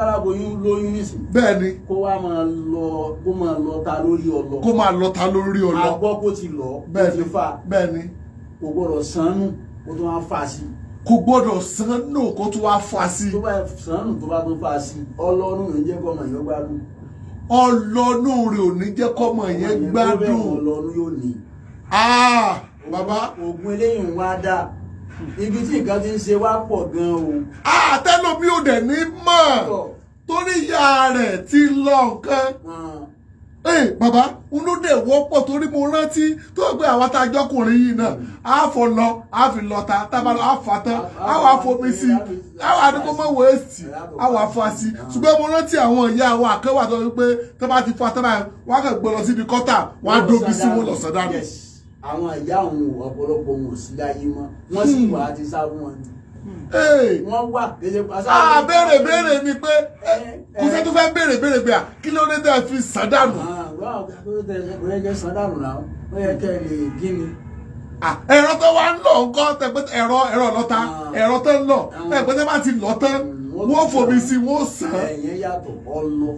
aláboyún lóyún nísìn. bẹ́ẹ̀ni. kó wá máa lọ kó máa lọ ta lórí ọlọ. kó máa lọ ta lórí ọlọ. a gbọ́ kó ti lọ. bẹ́ẹ̀ni bẹ́ẹ̀ni. kò gbọ́dọ̀ sànù kó tó wá fà sí. kò gbọ́dọ̀ sànù kó tó wá fà sí. tó bá sànù tó bá tó fà sí ọlọ́run yóò jẹ́ kọ́mọ yẹn gbádùn. ọlọ́run rẹ̀ ò ní jẹ́ kọ́mọ yẹn gbádùn. ọlọ́run yóò ní. aa ah, baba. oògùn eléyìí ń wá dáa ibi tí nǹkan ti ń ṣe wá pọ̀ gan-an o. àtẹ́lómi ah, ò dẹ̀ ní torí ìyá rẹ̀ ti lọ nǹkan hmm. ee bàbá inú dẹ̀ wọ́pọ̀ torí mo rántí tó gbé àwọn atajọ́kùnrin yìí náà á fọ lọ á fi lọ ta tábàlọ á fà tán á wà fomi sí i á wà ní kó mọ̀ wéèsì á wà fa sí i ṣùgbọ́n mo rántí àwọn ìyá àwọn àkẹ́wà tó wí pé tó bá ti fa tán báyìí wọ́n á kàn gbé lọ síbi kọ́tà wọ́n á dóbi sí wọn lọ sọ́dá nù. àwọn ìyá òun ọ̀pọ̀lọpọ̀ wọn ò sí láyé mọ́ wọ́n sì hmm. wà á ti sá wọ́n wà kéye pàṣẹ. a béèrè mi pé eh, kùsẹ́ tó fẹ́ béèrè béèrè pé à kí ló dé tẹ́ fi sàn dànù. àwọn ah, ẹgbẹ́ sàn dànù náà ó yẹ kẹ́ ẹ lè gí ni. ẹ̀rọ tó wá ń lọ ńkọ́ tẹ̀pẹ́ ẹ̀rọ ẹ̀rọ lọ́ta ah. ẹ̀rọ tó ń lọ ah. tẹ̀pẹ́ tẹ́ bá ti lọ tán mm, wọ́n fòmí sí wọ́n sàn. ẹ̀yẹn yàtọ̀ ọlọ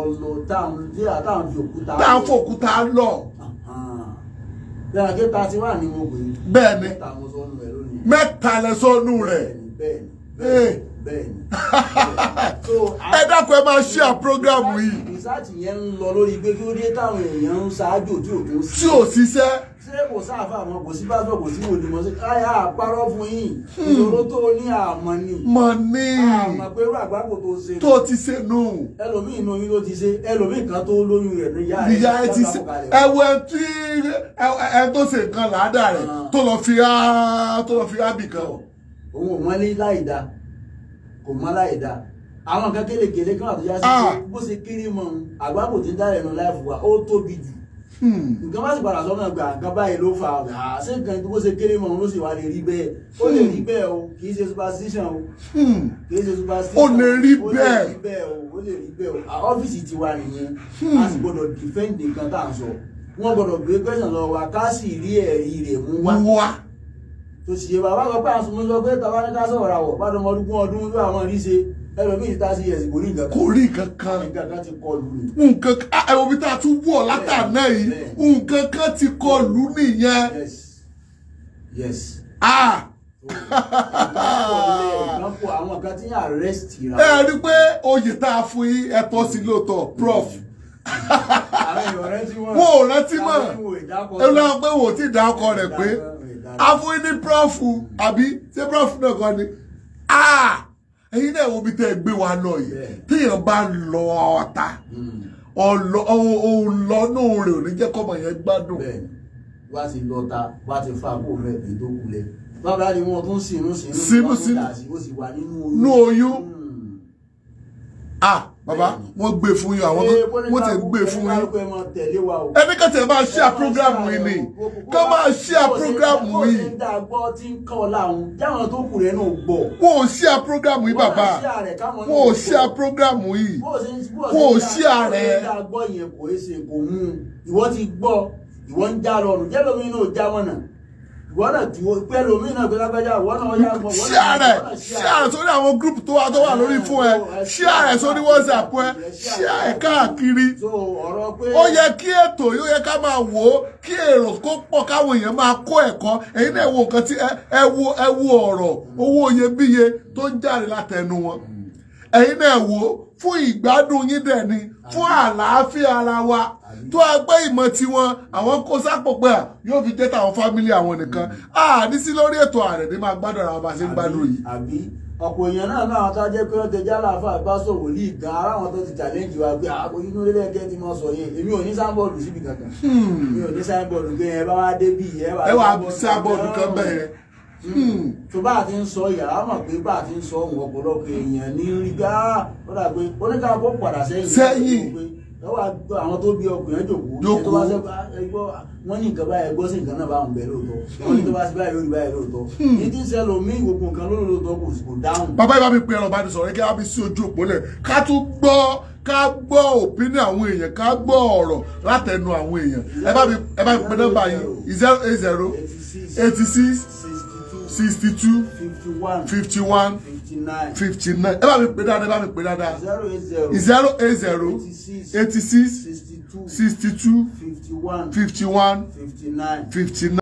ọlọ táwọn fi lọ yàrá thirty one ni lẹ sọnù rẹ̀. ẹ dákun ẹ máa ṣe à programu yìí. ìsáàtì yẹn ń lọ lórí pé kí ó dé táwọn èèyàn ń ṣáájú tí tó sí. tí ò ṣiṣẹ́ ṣé kò sáàfà àwọn kò sí pásítọ̀ kò sí wòlíì mọ́ sí káyà àpárọ̀ fún yín ìṣòro tó ní àmọ́ ni mọ̀ ní àmọ́ pé irú àgbákò tó ṣe tó ti ṣe nù ẹlòmíì inú yín ló ti ṣe ẹlòmíì kan tó lóyún rẹ̀ níyà rẹ̀ ti ṣe ẹwọ tí ẹ tó ṣe nǹkan làádà rẹ̀ ah. tó lọ fi á tó lọ fi á bì kan. òun ò mọ́lé láì dáa kò mọ́ láì dáa àwọn kan kélékèlé kan àtúnyá sí ah. bó ṣe kéré mọ́ àgbákò ti dá ẹ̀rọ láì fún wa ó tóbi jù Hmm. nǹkan bá sì padà sọ́nà gbà nǹkan báyìí ló fa ọ̀gá ṣé nǹkan tó ṣe kéré mọ́ ló sì wá lè rí bẹ́ẹ̀ ó lè rí hmm. bẹ́ẹ̀ o kì í ṣe superstition o hmm. kì í ṣe superstition ó lè rí bẹ́ẹ̀ o ó lè rí bẹ́ẹ̀ o ọ́fíìsì tiwa nìyẹn a sì gbọ́dọ̀ defend nǹkan tá à ń sọ wọ́n gbọ́dọ̀ gbé question lọ wa ká sì rí ẹ̀rí rẹ̀ mú wá tòṣìṣẹ́ bàbá kan pàṣẹ mọ́ sọ pé tàbá sọ̀rọ̀ àwọ̀ bá ẹlòmíì tá a ṣe yẹsì kò rí nǹkan kò rí nǹkan kan nǹkan kan ti kọlù rẹ̀. nǹkan kan ah, ẹ omi tá a tún wọ̀ látàná yìí nǹkan kan ti kọlù nìyẹn. yes yes. ah. ẹ rí pé oyè tá a fún yín ẹ sí lóòótọ́ prof. Mm ò rántí mọ ẹnu náà pé wò ó ti dá ọkọ rẹ pé afúnni ní prọfù àbí ṣé prọfù náà kọ́ ni. Ah ẹ̀yin náà wo bí tẹ́ ẹ gbé wa lọ yìí téèyàn bá lọ ọ̀tá hmm. ọlọ́nù rẹ̀ ò ní jẹ́ kọ́mọ yẹn gbádùn. wá ti lọ ta wá ti fa àpò rẹ̀ èyí tó kù lẹ̀ bàbá ni wọn tún sínú sínú sínú sínú ó sì wà nínú oyún. Hmm. Baba, wọ́n gbé fún yín àwọn wọ́n ti gbé fún yín ẹni kan tẹ̀ máa ṣíà prógrámù yìí ni kán máa ṣíà program, yìí. wọ́n ò ṣíà prógrámù yìí bàbá wọ́n ò ṣíà prógrámù yìí wọ́n ò ṣíà rẹ̀. ìwọ ti gbọ́ ìwọ ń já lọ́rùn jẹ́ lómi inú wọ́n náà dúró pé ẹlòmíì náà pé lágbájá wọ́n náà yá mọ́ wọ́n náà ṣíà rẹ̀ ṣíà rẹ̀ sórí àwọn group tó wà tó wà lórí fún ẹ ṣíà rẹ̀ sórí WhatsApp ẹ ṣíà ẹ̀ káàkiri ó yẹ kí ètò yóò yẹ ká máa wò ó kí èrò kó pọ̀ káwọn èèyàn máa kó ẹ̀kọ́ ẹ̀yin náà ẹ wo nǹkan tí ẹ ọ̀rọ̀ owó iyebíye tó ń jáde látẹnu wọn ẹ̀yin náà wò ó fún ìgbádùn yín dẹ̀ ni fún àlàáfíà ara wa tó a gbé ìmọ̀ tiwọn àwọn kó sápò pé à yóò fi jẹ́ tàwọn fámílì àwọn nìkan àní sí lórí ètò ààrẹ ní máa gbádùn ara wa bá ṣe ń gbádùn yìí ọ̀pọ̀ èèyàn náà láwọn tó jẹ́ pé wọ́n ti jálà bá sọ̀wọ́ ní ìgbà ara tó ti challenge wa pé àpò ah, inú ilé ẹgbẹ́ ti mọ sọ yẹn èmi ò ní sáńbọ̀ọ̀lù síbi kankan hmm. mi ò ní sáńbọ̀ọ̀lù pé ẹ bá wá débì ẹ wà sáńbọ̀ọ̀lù kan bẹ́ẹ̀ tó hmm. bá a ti ń sọ yàrá mọ̀ pé bá a ti ń sọ ohun ọ̀pọ̀lọpọ̀ èèyàn ní rí gbá ó dà pé oníkàwọ́ padà sẹ́yìn sẹ́yìn lọ́wọ́ àwọn tó bí ọkùnrin jòkó tó bá ṣe ah, gbọ́ wọ́n ní nǹkan báyìí gbọ́ sí nǹkan náà bá ń bẹ lóòótọ́ wọ́n ní tó bá ṣe báyìí lórí báyìí lóòótọ́ ní hmm. tí ń ṣe lò mí gbogbo nǹkan lórí lóòótọ́ kò sì kò dáhùn. bàbá ìbá mi pe ẹ̀rọ ìbánisọ̀rọ̀ kí á fi sí ojú òpó lẹ̀ ká tún gbọ́ ká gbọ́ òpin àwọn èèyàn ká gbọ́ ọ̀rọ̀ látẹnu àwọn èèyàn ẹ bá mi pe nọ́mbà yìí zero zero eighty sixty two fifty one fifty one fifty nine ẹ bá mi pè dáadáa ẹ bá zero eight zero eighty six sixty two fifty one fifty nine.